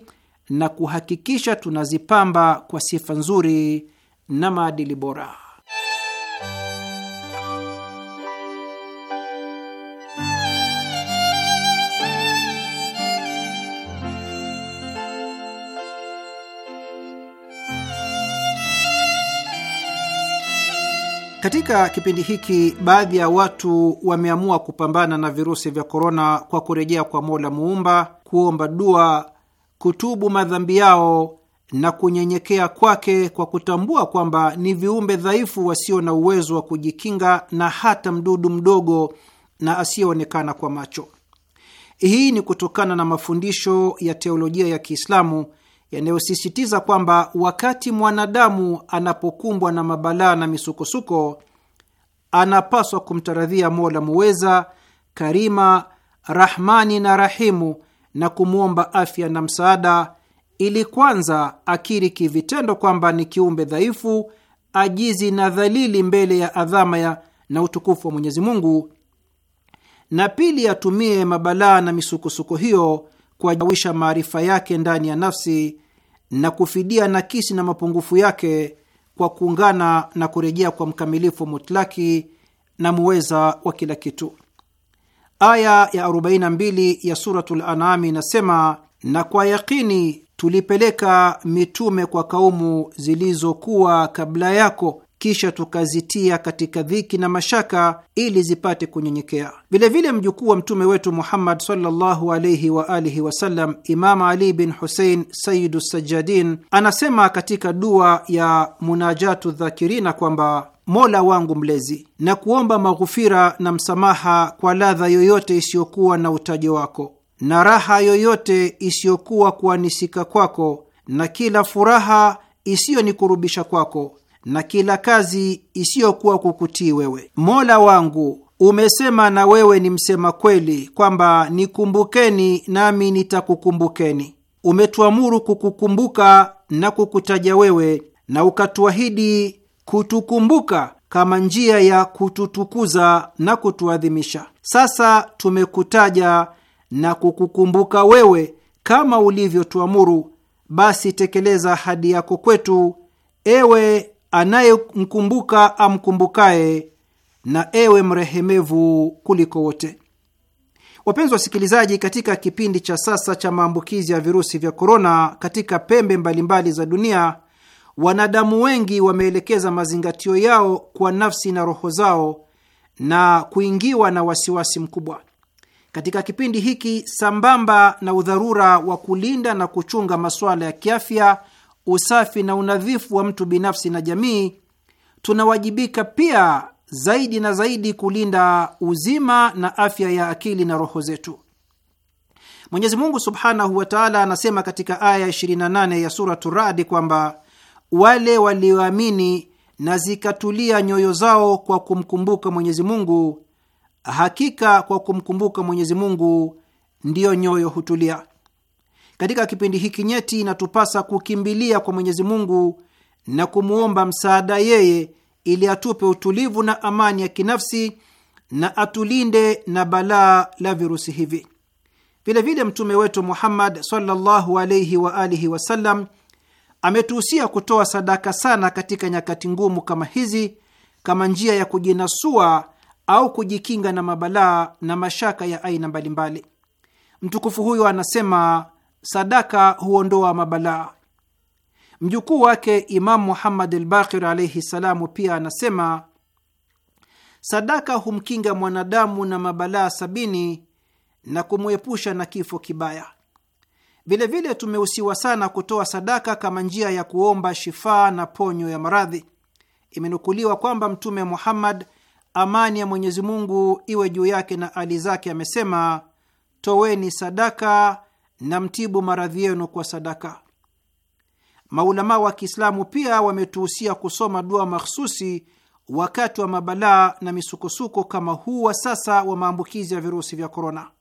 A: na kuhakikisha tunazipamba kwa sifa nzuri na maadili bora. Katika kipindi hiki baadhi ya watu wameamua kupambana na virusi vya korona kwa kurejea kwa Mola Muumba, kuomba dua kutubu madhambi yao na kunyenyekea kwake kwa kutambua kwamba ni viumbe dhaifu wasio na uwezo wa kujikinga na hata mdudu mdogo na asiyeonekana kwa macho. Hii ni kutokana na mafundisho ya teolojia ya Kiislamu yanayosisitiza kwamba wakati mwanadamu anapokumbwa na mabalaa na misukosuko, anapaswa kumtaradhia Mola muweza, karima, rahmani na rahimu na kumwomba afya na msaada, ili kwanza akiri kivitendo kwamba ni kiumbe dhaifu, ajizi na dhalili mbele ya adhama ya na utukufu wa Mwenyezi Mungu, na pili atumie mabalaa na misukosuko hiyo kuajawisha maarifa yake ndani ya nafsi na kufidia nakisi na mapungufu yake kwa kuungana na kurejea kwa mkamilifu mutlaki na muweza wa kila kitu. Aya ya 42 ya Suratul Anami inasema, na kwa yakini tulipeleka mitume kwa kaumu zilizokuwa kabla yako kisha tukazitia katika dhiki na mashaka ili zipate kunyenyekea. Vilevile mjukuu wa mtume wetu Muhammad sallallahu alayhi wa alihi wasallam, Imam Ali bin Husein Sayidu Sajadin anasema katika dua ya Munajatu Dhakirina kwamba Mola wangu Mlezi, na kuomba maghufira na msamaha kwa ladha yoyote isiyokuwa na utajo wako na raha yoyote isiyokuwa kuanisika kwako na kila furaha isiyonikurubisha kwako na kila kazi isiyokuwa kukutii wewe. Mola wangu, umesema na wewe ni msema kweli kwamba nikumbukeni nami nitakukumbukeni. Umetuamuru kukukumbuka na kukutaja wewe na ukatuahidi kutukumbuka kama njia ya kututukuza na kutuadhimisha. Sasa tumekutaja na kukukumbuka wewe kama ulivyotuamuru, basi tekeleza ahadi yako kwetu, ewe anayemkumbuka amkumbukaye, na ewe mrehemevu kuliko wote. Wapenzi wasikilizaji, katika kipindi cha sasa cha maambukizi ya virusi vya korona katika pembe mbalimbali za dunia wanadamu wengi wameelekeza mazingatio yao kwa nafsi na roho zao na kuingiwa na wasiwasi mkubwa. Katika kipindi hiki, sambamba na udharura wa kulinda na kuchunga masuala ya kiafya, usafi na unadhifu wa mtu binafsi na jamii, tunawajibika pia zaidi na zaidi kulinda uzima na afya ya akili na roho zetu. Mwenyezi Mungu subhanahu wa taala anasema katika aya 28 ya suratu Radi kwamba wale walioamini na zikatulia nyoyo zao kwa kumkumbuka Mwenyezi Mungu, hakika kwa kumkumbuka Mwenyezi Mungu ndiyo nyoyo hutulia. Katika kipindi hiki nyeti inatupasa kukimbilia kwa Mwenyezi Mungu na kumwomba msaada yeye, ili atupe utulivu na amani ya kinafsi na atulinde na balaa la virusi hivi. Vilevile mtume wetu Muhammad sallallahu alaihi waalihi wasallam ametuhusia kutoa sadaka sana katika nyakati ngumu kama hizi, kama njia ya kujinasua au kujikinga na mabalaa na mashaka ya aina mbalimbali. Mtukufu huyo anasema sadaka huondoa mabalaa. Mjukuu wake Imamu Muhammad al alaihi salamu pia anasema sadaka humkinga mwanadamu na mabalaa sabini na kumwepusha na kifo kibaya. Vilevile tumehusiwa sana kutoa sadaka kama njia ya kuomba shifaa na ponyo ya maradhi. Imenukuliwa kwamba Mtume Muhammad, amani ya Mwenyezi Mungu iwe juu yake na ali zake, amesema, toweni sadaka na mtibu maradhi yenu kwa sadaka. Maulama wa Kiislamu pia wametuhusia kusoma dua makhususi wakati wa mabalaa na misukosuko kama huu wa sasa wa maambukizi ya virusi vya korona.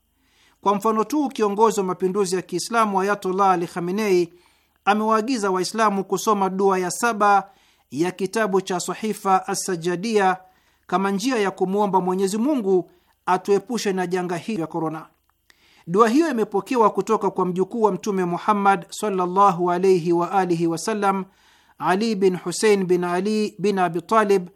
A: Kwa mfano tu, kiongozi wa mapinduzi ya Kiislamu Ayatollah Ali Khamenei amewaagiza Waislamu kusoma dua ya saba ya kitabu cha Sahifa Assajadia kama njia ya kumwomba Mwenyezi Mungu atuepushe na janga hili ya korona. Dua hiyo imepokewa kutoka kwa mjukuu wa Mtume Muhammad sallallahu alaihi wa alihi wasallam, Ali bin Husein bin Ali bin Abi Talib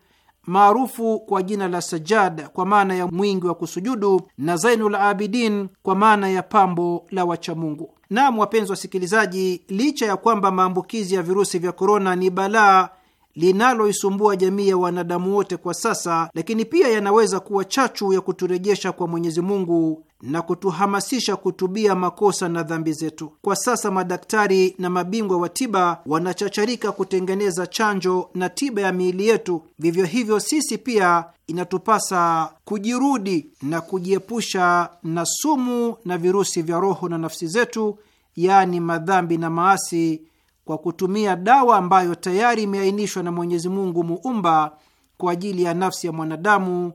A: maarufu kwa jina la Sajad kwa maana ya mwingi wa kusujudu na Zainul Abidin kwa maana ya pambo la wachamungu. Naam, wapenzi wasikilizaji, licha ya kwamba maambukizi ya virusi vya korona ni balaa linaloisumbua jamii ya wanadamu wote kwa sasa, lakini pia yanaweza kuwa chachu ya kuturejesha kwa Mwenyezi Mungu na kutuhamasisha kutubia makosa na dhambi zetu. Kwa sasa madaktari na mabingwa wa tiba wanachacharika kutengeneza chanjo na tiba ya miili yetu. Vivyo hivyo, sisi pia inatupasa kujirudi na kujiepusha na sumu na virusi vya roho na nafsi zetu, yaani madhambi na maasi, kwa kutumia dawa ambayo tayari imeainishwa na Mwenyezi Mungu muumba kwa ajili ya nafsi ya mwanadamu,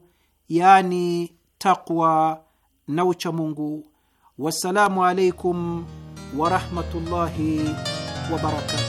A: yaani takwa na uchamungu. Wassalamu alaikum warahmatullahi wabarakatu.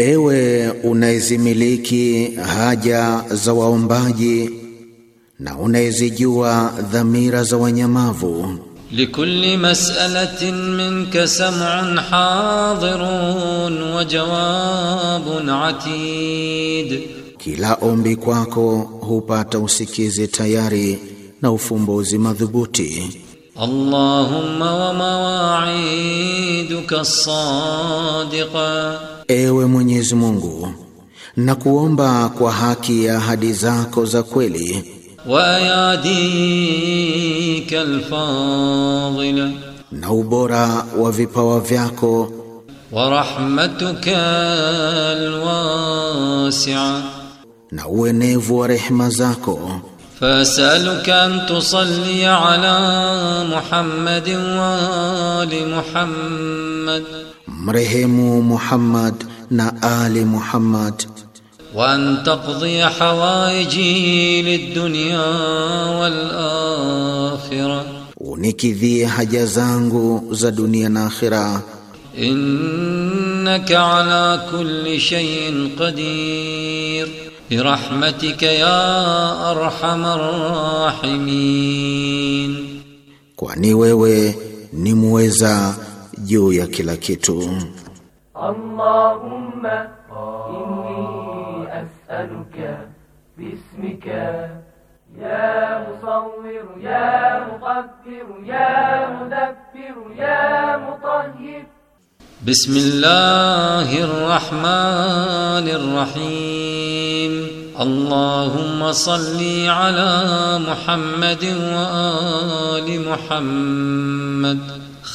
E: Ewe unayezimiliki haja za waombaji na unayezijua dhamira za wanyamavu.
F: Likulli mas'alatin minka sam'un hadirun wa jawabun atid,
E: kila ombi kwako hupata usikizi tayari na ufumbuzi madhubuti.
F: Allahumma wa mawa'iduka sadiqa
E: Ewe Mwenyezi Mungu, na kuomba kwa haki ya ahadi zako za kweli Wa yadika alfadila, na ubora wa vipawa vyako wa
F: rahmatuka alwasi'a,
E: na uenevu wa rehema zako
F: Fasaluka an tusalli ala Muhammadin wa ali Muhammad
E: marehemu Muhammad na ali Muhammad
F: wa antaqdi taqdi hawaiji lidunya wal akhirah,
E: unikidhie haja zangu za dunia na akhira.
F: Innaka ala kulli shay'in qadir bi rahmatika ya arhamar rahimin,
E: kwani wewe ni muweza juu ya kila kitu.
C: Allahumma inni as'aluka bismika
G: ya musawwir
F: ya
C: muqaddir
F: ya mudabbir ya
C: mutahhir
F: بسم الله الرحمن الرحيم اللهم صل على محمد وآل محمد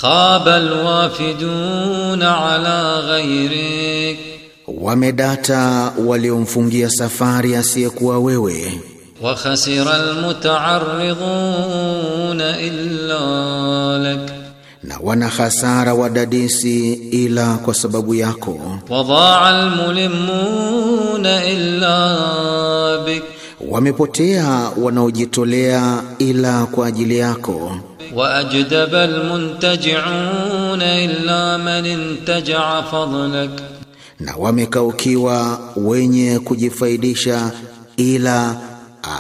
F: khaba alwafidun ala ghairik,
E: wamedata waliomfungia safari asiyekuwa wewe.
F: Wa khasira
E: almuta'arridun illa lak, na wana hasara wadadisi ila kwa sababu yako. Wa dha'a almulimuna illa bik wamepotea wanaojitolea ila kwa ajili yako
F: Wa ajdaba almuntaji'un illa man intaja
E: fadlak, na wamekaukiwa wenye kujifaidisha ila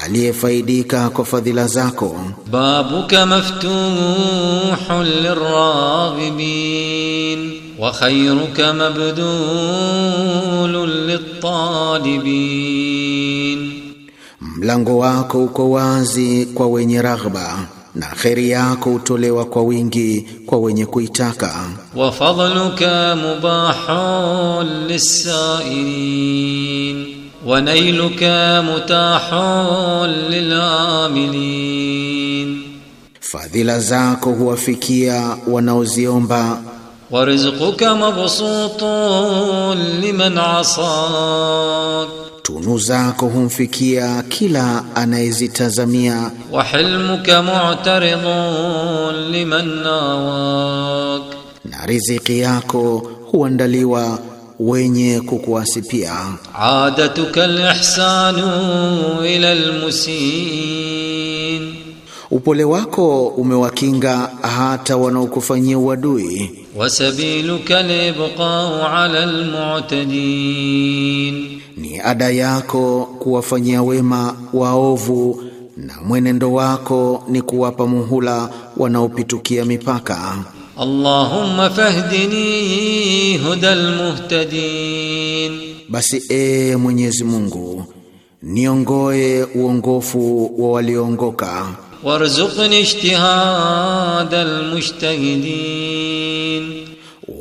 E: aliyefaidika kwa fadhila zako.
F: babuka maftuhun liraghibin wa khayruka mabdulun litalibin
E: Mlango wako uko wazi kwa wenye raghba na kheri yako hutolewa kwa wingi kwa wenye kuitaka.
F: Wa fadluka mubahun lisailin wa nailuka mutahun lilamilin,
E: fadhila zako huwafikia wanaoziomba.
F: Wa rizquka mabsutun liman asak
E: tunu zako humfikia kila anayezitazamia.
F: wa hilmuka mu'taridun
E: liman nawak, na riziki yako huandaliwa wenye kukuasipia.
F: adatuka alihsanu ila almusin
E: upole wako umewakinga hata wanaokufanyia uadui.
F: Wasabiluka libqau ala almu'tadin,
E: ni ada yako kuwafanyia wema waovu na mwenendo wako ni kuwapa muhula wanaopitukia mipaka.
F: Allahumma fahdini hudal muhtadin,
E: basi ee Mwenyezi Mungu niongoe uongofu wa walioongoka
F: warzuqni ijtihada almujtahidin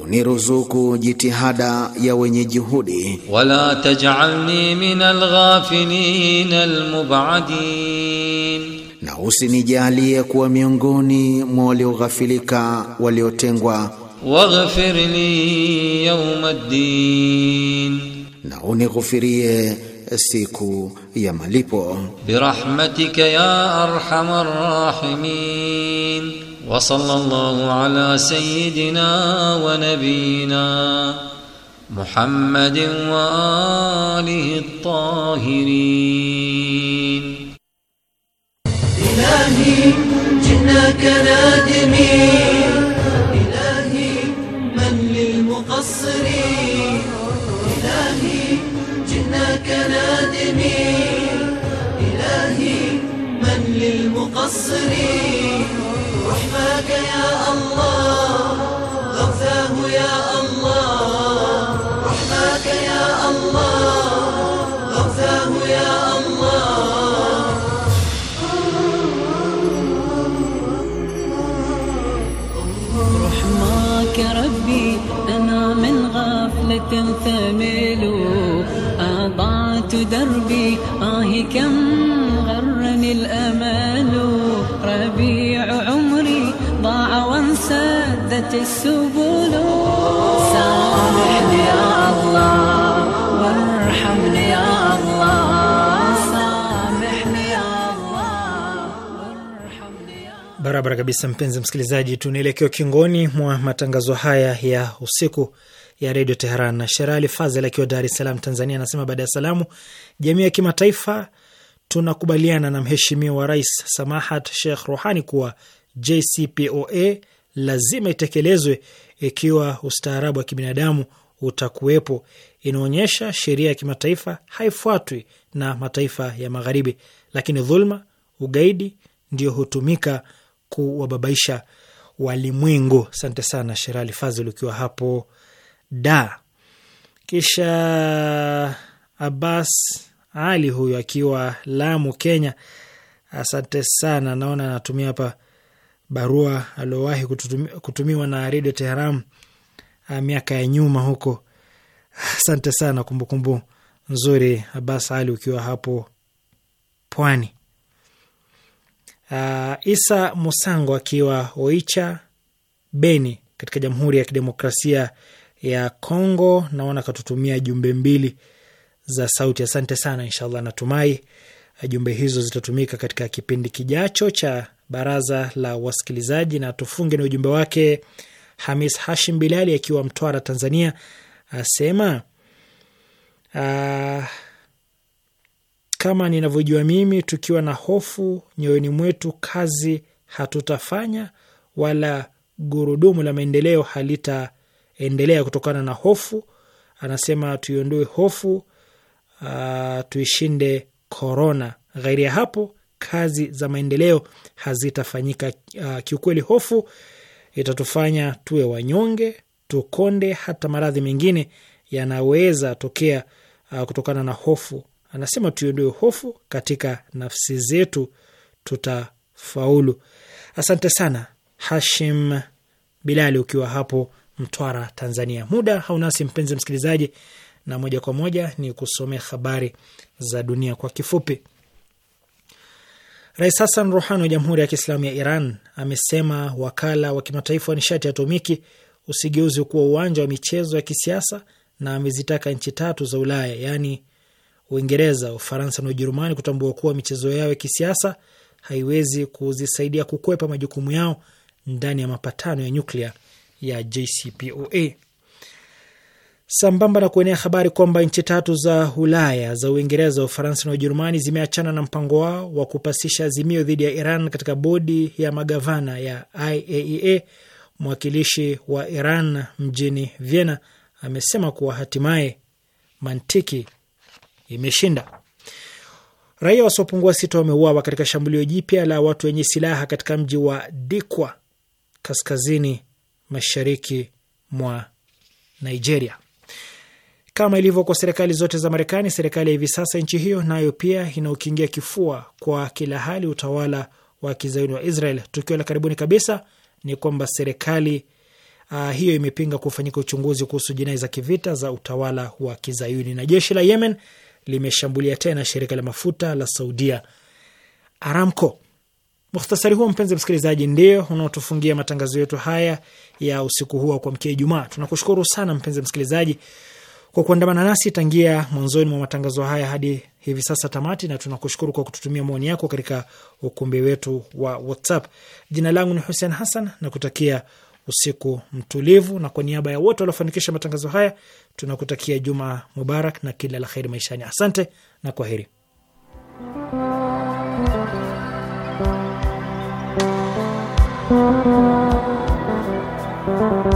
E: uniruzuku jitihada ya wenye juhudi
F: wala taj'alni min alghafilin almub'adin
E: na usinijalie kuwa miongoni mwa walioghafilika waliotengwa waghfir li yawm ad-din na unighufirie siku ya malipo.
F: Birahmatika ya arhamar rahimin wa sallallahu ala sayyidina wa nabiyina Muhammadin wa alihi الطاهرين
G: إلهي جئناك
C: نادمين لك نادمي إلهي من للمقصر
G: رحمك يا الله غفاه يا الله رحمك يا الله غفاه يا الله
F: رحمك ربي أنا من غفلة ثملون دربي آه كم غرني الأمال ربيع عمري
G: ضاع وانسدت السبل سامحني يا الله وارحمني يا الله
D: Barabara kabisa, mpenzi msikilizaji, tunaelekea ukingoni mwa matangazo haya ya usiku. ya redio Teheran. Na Sherali Fazel akiwa Dar es Salaam, Tanzania, anasema baada ya salamu, jamii ya kimataifa tunakubaliana na mheshimiwa Rais Samahat Sheikh Rohani kuwa JCPOA lazima itekelezwe ikiwa ustaarabu wa kibinadamu utakuwepo. Inaonyesha sheria ya kimataifa haifuatwi na mataifa ya Magharibi, lakini dhulma, ugaidi ndio hutumika kuwababaisha walimwengu. Asante sana Sherali Fazil ukiwa hapo da. Kisha Abbas Ali huyu akiwa Lamu, Kenya, asante sana. Naona anatumia hapa barua aliowahi kutumiwa na Redio Teheram ah, miaka ya nyuma huko. Asante sana, kumbukumbu nzuri Abbas Ali ukiwa hapo Pwani. Uh, ah, Isa Musango akiwa Oicha Beni katika Jamhuri ya Kidemokrasia ya Congo. Naona katutumia jumbe mbili za sauti. Asante sana. Inshallah, natumai eh, jumbe hizo zitatumika katika kipindi kijacho cha baraza la wasikilizaji. Na tufunge na ujumbe wake Hamis Hashim Bilali akiwa Mtwara, Tanzania, asema uh, kama ninavyojua mimi, tukiwa na hofu nyoyoni mwetu kazi hatutafanya, wala gurudumu la maendeleo halita endelea kutokana na hofu. Anasema tuiondoe hofu, uh, tuishinde korona. Ghairi ya hapo kazi za maendeleo hazitafanyika. Uh, kiukweli hofu itatufanya tuwe wanyonge, tukonde. Hata maradhi mengine yanaweza tokea uh, kutokana na hofu. Anasema tuiondoe hofu katika nafsi zetu, tutafaulu. Asante sana Hashim Bilali ukiwa hapo Mtwara, Tanzania. Muda haunasi mpenzi msikilizaji, na moja kwa moja ni kusomea habari za dunia kwa kifupi. Rais Hassan Rohani wa Jamhuri ya Kiislamu ya Iran amesema wakala wa kimataifa wa nishati ya atomiki usigeuzi kuwa uwanja wa michezo ya kisiasa, na amezitaka nchi tatu za Ulaya yaani Uingereza, Ufaransa na Ujerumani kutambua kuwa michezo yao ya kisiasa haiwezi kuzisaidia kukwepa majukumu yao ndani ya mapatano ya nyuklia ya JCPOA sambamba na kuenea habari kwamba nchi tatu za Ulaya za Uingereza, Ufaransa na Ujerumani zimeachana na mpango wao wa kupasisha azimio dhidi ya Iran katika bodi ya magavana ya IAEA. E mwakilishi wa Iran mjini Vienna amesema kuwa hatimaye mantiki imeshinda. Raia wasiopungua sita wameuawa katika shambulio jipya la watu wenye silaha katika mji wa Dikwa kaskazini mashariki mwa Nigeria. Kama ilivyo kwa serikali zote za Marekani, serikali ya hivi sasa nchi hiyo nayo pia inaukingia kifua kwa kila hali utawala wa kizayuni wa Israel. Tukio la karibuni kabisa ni kwamba serikali uh, hiyo imepinga kufanyika uchunguzi kuhusu jinai za kivita za utawala wa kizayuni. Na jeshi la Yemen limeshambulia tena shirika la mafuta la Saudia Aramco. Mukhtasari huo mpenzi msikilizaji, ndio unaotufungia matangazo yetu haya ya usiku huu wa kuamkia Ijumaa. Tunakushukuru sana mpenzi msikilizaji kwa kuandamana nasi tangia mwanzoni mwa matangazo haya hadi hivi sasa tamati, na tunakushukuru kwa kututumia maoni yako katika ukumbi wetu wa WhatsApp. Jina langu ni Hussein Hassan na kutakia usiku mtulivu, na kwa niaba ya wote waliofanikisha matangazo haya tunakutakia juma mubarak na kila la kheri maishani. Asante na kwaheri.
G: Thank you.